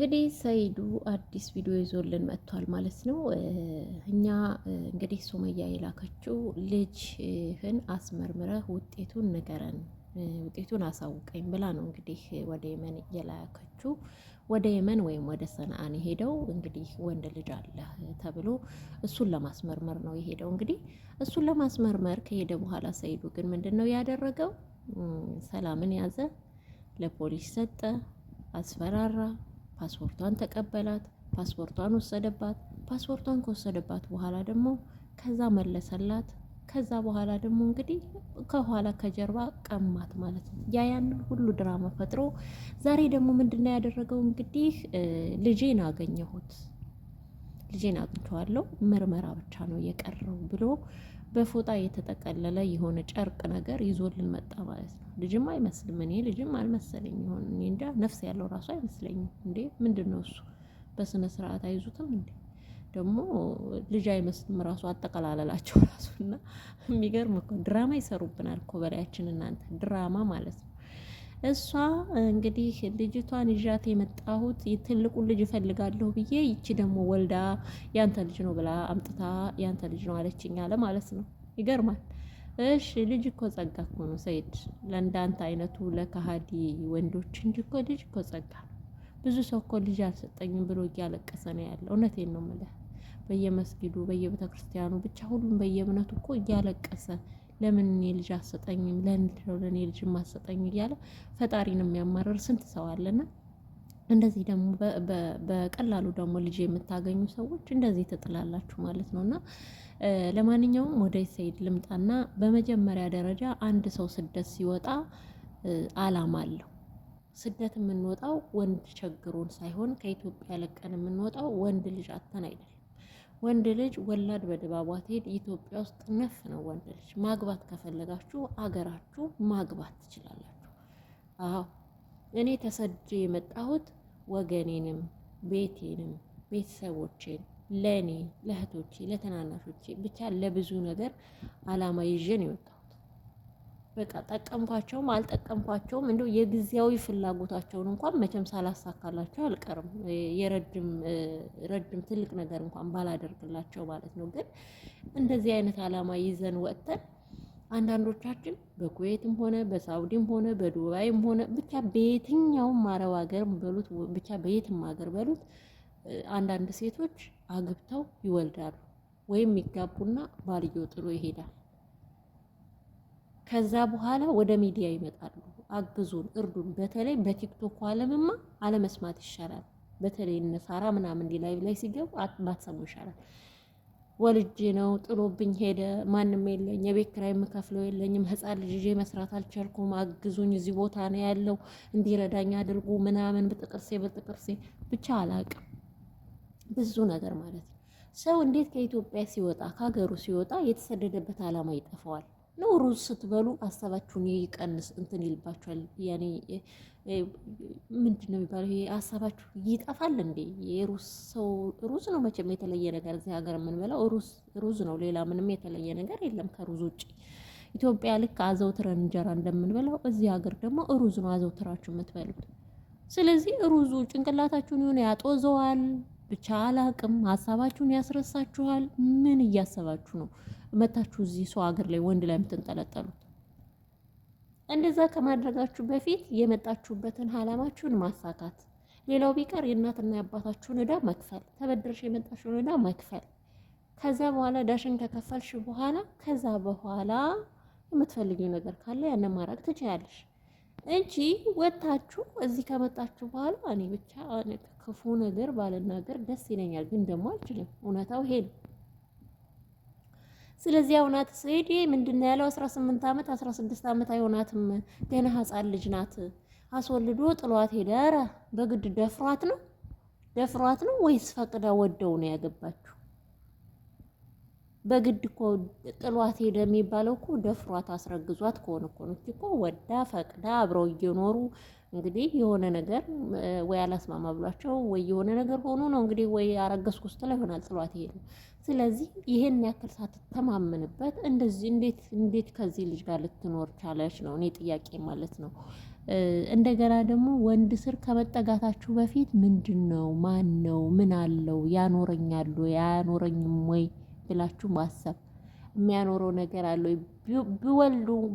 እንግዲህ ሰይዱ አዲስ ቪዲዮ ይዞልን መጥቷል ማለት ነው። እኛ እንግዲህ ሱመያ የላከችው ልጅህን አስመርምረህ ውጤቱን ንገረን፣ ውጤቱን አሳውቀኝ ብላ ነው እንግዲህ ወደ የመን የላከችው። ወደ የመን ወይም ወደ ሰንአን የሄደው እንግዲህ ወንድ ልጅ አለ ተብሎ እሱን ለማስመርመር ነው የሄደው። እንግዲህ እሱን ለማስመርመር ከሄደ በኋላ ሰይዱ ግን ምንድን ነው ያደረገው? ሰላምን ያዘ፣ ለፖሊስ ሰጠ፣ አስፈራራ ፓስፖርቷን ተቀበላት፣ ፓስፖርቷን ወሰደባት። ፓስፖርቷን ከወሰደባት በኋላ ደግሞ ከዛ መለሰላት። ከዛ በኋላ ደግሞ እንግዲህ ከኋላ ከጀርባ ቀማት ማለት ነው። ያ ያንን ሁሉ ድራማ ፈጥሮ ዛሬ ደግሞ ምንድነው ያደረገው? እንግዲህ ልጄን አገኘሁት፣ ልጄን አግኝቼዋለሁ፣ ምርመራ ብቻ ነው የቀረው ብሎ በፎጣ የተጠቀለለ የሆነ ጨርቅ ነገር ይዞልን መጣ ማለት ነው። ልጅም አይመስልም። እኔ ልጅም አልመሰለኝ ሆን እኔ እንጃ። ነፍስ ያለው ራሱ አይመስለኝም። እንዴ ምንድን ነው እሱ? በስነ ስርዓት አይዙትም እንዴ? ደግሞ ልጅ አይመስልም ራሱ አጠቀላለላቸው ራሱና፣ የሚገርም እኮ ድራማ ይሰሩብናል እኮ በላያችን እናንተ ድራማ ማለት ነው። እሷ እንግዲህ ልጅቷን ይዣት የመጣሁት ትልቁን ልጅ እፈልጋለሁ ብዬ ይቺ ደግሞ ወልዳ ያንተ ልጅ ነው ብላ አምጥታ ያንተ ልጅ ነው አለችኝ አለ ማለት ነው። ይገርማል። እሺ ልጅ እኮ ጸጋ እኮ ነው ሰይድ፣ ለእንዳንተ አይነቱ ለካሃዲ ወንዶች እንጂ እኮ ልጅ እኮ ጸጋ ነው። ብዙ ሰው እኮ ልጅ አልሰጠኝም ብሎ እያለቀሰ ነው ያለው። እውነቴን ነው የምልህ። በየመስጊዱ በየቤተክርስቲያኑ ብቻ ሁሉም በየእምነቱ እኮ እያለቀሰ ለምን እኔ ልጅ አሰጠኝም? ለምንድን ነው ለእኔ ልጅ ማሰጠኝ? እያለ ፈጣሪን የሚያማርር ስንት ሰው አለና እንደዚህ ደግሞ በቀላሉ ደግሞ ልጅ የምታገኙ ሰዎች እንደዚህ ትጥላላችሁ ማለት ነው። እና ለማንኛውም ወደ ሰይድ ልምጣና በመጀመሪያ ደረጃ አንድ ሰው ስደት ሲወጣ አላማ አለው። ስደት የምንወጣው ወንድ ቸግሮን ሳይሆን ከኢትዮጵያ ለቀን የምንወጣው ወንድ ልጅ አተን ወንድ ልጅ ወላድ በድባቧ ትሄድ። ኢትዮጵያ ውስጥ ነፍ ነው ወንድ ልጅ። ማግባት ከፈለጋችሁ አገራችሁ ማግባት ትችላላችሁ። አዎ እኔ ተሰድጄ የመጣሁት ወገኔንም፣ ቤቴንም፣ ቤተሰቦቼን ለእኔ ለእህቶቼ፣ ለተናናሾቼ ብቻ ለብዙ ነገር አላማ ይዤ ነው የወጣሁት። በቃ ጠቀምኳቸውም አልጠቀምኳቸውም እንደው የጊዜያዊ ፍላጎታቸውን እንኳን መቼም ሳላሳካላቸው አልቀርም። የረጅም ረጅም ትልቅ ነገር እንኳን ባላደርግላቸው ማለት ነው። ግን እንደዚህ አይነት ዓላማ ይዘን ወጥተን አንዳንዶቻችን በኩዌትም ሆነ በሳውዲም ሆነ በዱባይም ሆነ ብቻ በየትኛውም አረብ ሀገር በሉት ብቻ በየትም ሀገር በሉት አንዳንድ ሴቶች አግብተው ይወልዳሉ ወይም ይጋቡና ባልየው ጥሎ ይሄዳል። ከዛ በኋላ ወደ ሚዲያ ይመጣሉ። አግዙን፣ እርዱን። በተለይ በቲክቶክ አለምማ አለመስማት ይሻላል። በተለይ እነሳራ ምናምን እንዲ ላይቭ ላይ ሲገቡ ባትሰሙ ይሻላል። ወልጄ ነው ጥሎብኝ ሄደ፣ ማንም የለኝ፣ የቤት ክራይ የምከፍለው የለኝም፣ ህፃን ልጅ ይዤ መስራት አልቻልኩም፣ አግዙኝ፣ እዚህ ቦታ ነው ያለው፣ እንዲረዳኝ አድርጉ ምናምን፣ ብጥቅርሴ ብጥቅርሴ ብቻ አላቅም ብዙ ነገር ማለት ነው። ሰው እንዴት ከኢትዮጵያ ሲወጣ ከሀገሩ ሲወጣ የተሰደደበት ዓላማ ይጠፋዋል። ነው ሩዝ ስትበሉ ሀሳባችሁን ይቀንስ እንትን ይልባችኋል። ያኔ ምንድን ነው የሚባለው? ይሄ ሀሳባችሁ ይጠፋል እንዴ? የሩዝ ሰው ሩዝ ነው መቼም የተለየ ነገር እዚህ ሀገር የምንበላው ሩዝ ሩዝ ነው። ሌላ ምንም የተለየ ነገር የለም ከሩዝ ውጭ። ኢትዮጵያ ልክ አዘውትረን እንጀራ እንደምንበላው እዚህ ሀገር ደግሞ ሩዝ ነው አዘውትራችሁ የምትበሉት። ስለዚህ ሩዙ ጭንቅላታችሁን የሆነ ያጦዘዋል። ብቻ አላቅም። ሀሳባችሁን ያስረሳችኋል። ምን እያሰባችሁ ነው መታችሁ እዚህ ሰው ሀገር ላይ ወንድ ላይ የምትንጠለጠሉት? እንደዛ ከማድረጋችሁ በፊት የመጣችሁበትን አላማችሁን ማሳካት፣ ሌላው ቢቀር የእናትና የአባታችሁን እዳ መክፈል፣ ተበድረሽ የመጣችሁን እዳ መክፈል፣ ከዛ በኋላ ዳሽን ከከፈልሽ በኋላ ከዛ በኋላ የምትፈልጊው ነገር ካለ ያንን ማድረግ ትችያለሽ። እንጂ ወታችሁ እዚህ ከመጣችሁ በኋላ እኔ ብቻ ክፉ ነገር ባልናገር ደስ ይለኛል፣ ግን ደግሞ አልችልም። እውነታው ይሄ ነው። ስለዚህ እውነት ስሄድ ምንድን ያለው 18 ዓመት 16 ዓመት አይሆናትም፣ ገና ህፃን ልጅ ናት። አስወልዶ ጥሏት ሄደ። ኧረ በግድ ደፍሯት ነው ደፍሯት ነው ወይስ ፈቅዳ ወደው ነው ያገባችሁ? በግድ እኮ ጥሏት ሄደ የሚባለው እኮ ደፍሯት አስረግዟት ከሆነ እኮ ነው። እኮ ወዳ ፈቅዳ አብረው እየኖሩ እንግዲህ የሆነ ነገር ወይ አላስማማ ብሏቸው ወይ የሆነ ነገር ሆኖ ነው እንግዲህ ወይ አረገዝኩ ስትለው ይሆናል ጥሏት ሄደ። ስለዚህ ይሄን ያክል ሳትተማመንበት እንደዚህ እንዴት እንዴት ከዚህ ልጅ ጋር ልትኖር ቻለች ነው እኔ ጥያቄ ማለት ነው። እንደገና ደግሞ ወንድ ስር ከመጠጋታችሁ በፊት ምንድን ነው ማን ነው ምን አለው ያኖረኛሉ አያኖረኝም ወይ ብላችሁ ማሰብ የሚያኖረው ነገር አለ።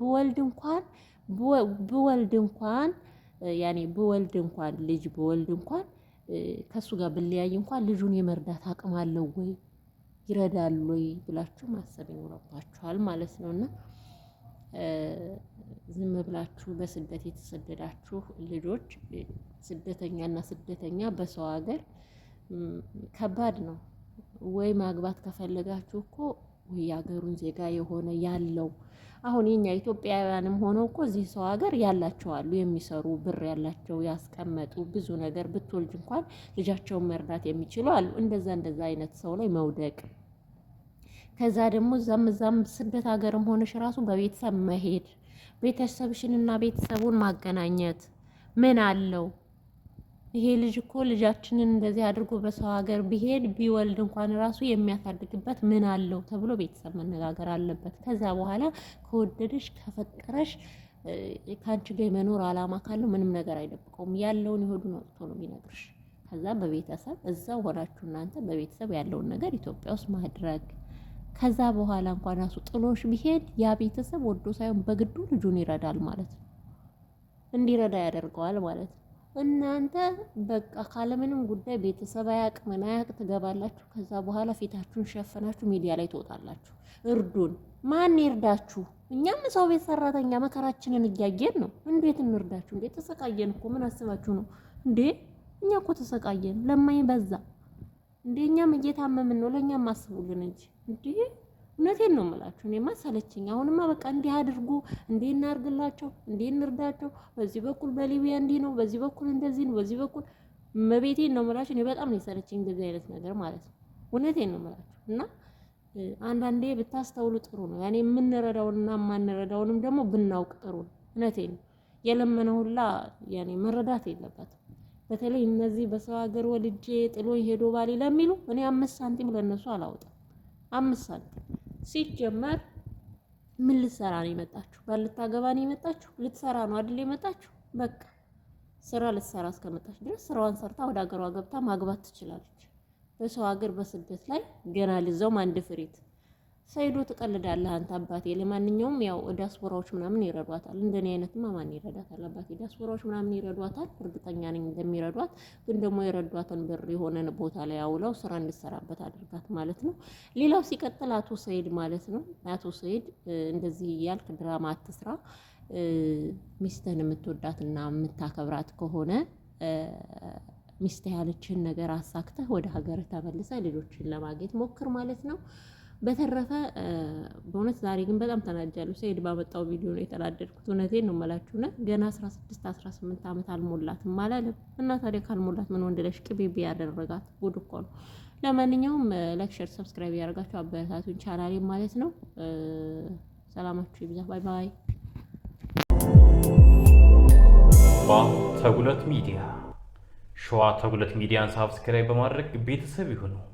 ብወልድ እንኳን ብወልድ እንኳን ያኔ ብወልድ እንኳን ልጅ ብወልድ እንኳን ከእሱ ጋር ብለያይ እንኳን ልጁን የመርዳት አቅም አለው ወይ ይረዳል ወይ ብላችሁ ማሰብ ይኖረባችኋል ማለት ነው። እና ዝም ብላችሁ በስደት የተሰደዳችሁ ልጆች ስደተኛና ስደተኛ በሰው ሀገር ከባድ ነው። ወይ ማግባት ከፈለጋችሁ እኮ የሀገሩን ዜጋ የሆነ ያለው አሁን የኛ ኢትዮጵያውያንም ሆነው እኮ እዚህ ሰው ሀገር ያላቸው አሉ፣ የሚሰሩ ብር ያላቸው ያስቀመጡ ብዙ ነገር ብትወልድ እንኳን ልጃቸውን መርዳት የሚችሉ አሉ። እንደዛ እንደዛ አይነት ሰው ላይ መውደቅ ከዛ ደግሞ እዛም እዛም ስደት ሀገርም ሆነሽ ራሱ በቤተሰብ መሄድ ቤተሰብሽንና ቤተሰቡን ማገናኘት ምን አለው? ይሄ ልጅ እኮ ልጃችንን እንደዚህ አድርጎ በሰው ሀገር ቢሄድ ቢወልድ እንኳን ራሱ የሚያሳድግበት ምን አለው ተብሎ ቤተሰብ መነጋገር አለበት። ከዛ በኋላ ከወደደሽ ከፈቀረሽ ከአንቺ ጋር የመኖር አላማ ካለው ምንም ነገር አይደብቀውም። ያለውን የሆዱን አውጥቶ ነው የሚነግርሽ። ከዛ በቤተሰብ እዛው ሆናችሁ እናንተ በቤተሰብ ያለውን ነገር ኢትዮጵያ ውስጥ ማድረግ ከዛ በኋላ እንኳን ራሱ ጥሎሽ ቢሄድ ያ ቤተሰብ ወዶ ሳይሆን በግዱ ልጁን ይረዳል ማለት ነው፣ እንዲረዳ ያደርገዋል ማለት ነው። እናንተ በቃ ካለምንም ጉዳይ ቤተሰብ አያቅ ምን አያቅ ትገባላችሁ። ከዛ በኋላ ፊታችሁን ሸፈናችሁ ሚዲያ ላይ ትወጣላችሁ። እርዱን። ማን ይርዳችሁ? እኛም ሰው ቤት ሰራተኛ መከራችንን እያየን ነው። እንዴት እንርዳችሁ እንዴ? ተሰቃየን እኮ ምን አስባችሁ ነው እንዴ? እኛ እኮ ተሰቃየን ለማይበዛ እንዴ? እኛም እየታመምን ነው። ለእኛም አስቡልን እንጂ እንዴ እውነቴን ነው የምላችሁ። እኔማ ሰለችኝ። አሁንማ በቃ እንዲህ አድርጉ፣ እንዲህ እናርግላቸው፣ እንዲህ እንርዳቸው፣ በዚህ በኩል በሊቢያ እንዲህ ነው፣ በዚህ በኩል እንደዚህ ነው፣ በዚህ በኩል መቤቴን ነው የምላችሁ። እኔ በጣም ነው የሰለችኝ እንደዚህ አይነት ነገር ማለት ነው። እውነቴን ነው የምላችሁ እና አንዳንዴ ብታስተውሉ ጥሩ ነው። ያኔ የምንረዳውንና የማንረዳውንም ደግሞ ብናውቅ ጥሩ ነው። እውነቴን ነው። የለመነ ሁላ ያኔ መረዳት የለበትም። በተለይ እነዚህ በሰው ሀገር ወልጄ ጥሎ ሄዶ ባሌ ለሚሉ እኔ አምስት ሳንቲም ለእነሱ አላወጣም። አምስት ሳንቲም ሲጀመር ምን ልትሰራ ነው የመጣችሁ? ባል ልታገባ ነው የመጣችሁ? ልትሰራ ነው አይደል የመጣችሁ? በቃ ስራ ልትሰራ እስከመጣች ድረስ ስራዋን ሰርታ ወደ ሀገሯ ገብታ ማግባት ትችላለች። በሰው ሀገር በስደት ላይ ገና ልዘውም አንድ ፍሬት ሰይዶ ትቀልዳለህ አንተ አባቴ። ለማንኛውም ያው ዲያስፖራዎች ምናምን ይረዷታል። እንደኔ አይነትማ ማን ይረዳታል አባቴ? ዳስፖራዎች ምናምን ይረዷታል፣ እርግጠኛ ነኝ እንደሚረዷት። ግን ደግሞ የረዷትን ብር የሆነ ቦታ ላይ አውለው ስራ እንድሰራበት አድርጋት ማለት ነው። ሌላው ሲቀጥል አቶ ሰይድ ማለት ነው። አቶ ሰይድ እንደዚህ እያልክ ድራማ አትስራ። ሚስትህን የምትወዳትና የምታከብራት ከሆነ ሚስትህ ያለችህን ነገር አሳክተህ ወደ ሀገርህ ተመልሰህ ልጆችን ለማግኘት ሞክር ማለት ነው። በተረፈ በእውነት ዛሬ ግን በጣም ተናጃለሁ። ሰኢድ ባመጣው ቪዲዮ ነው የተናደድኩት። እውነቴን ነው የምላችሁ። እውነት ገና 16 18 ዓመት አልሞላትም አላለም እና ታዲያ ካልሞላት ምን ወንድ ለሽ ቅቤ ያደረጋት ጉድ እኮ ነው። ለማንኛውም ላይክ፣ ሰብስክራይብ ያደርጋችሁ አበረታቱን ቻናሌ ማለት ነው። ሰላማችሁ ይብዛ። ባይ ባይ። ተጉለት ሚዲያ ሸዋ ተጉለት ሚዲያን ሳብስክራይብ በማድረግ ቤተሰብ ይሁኑ።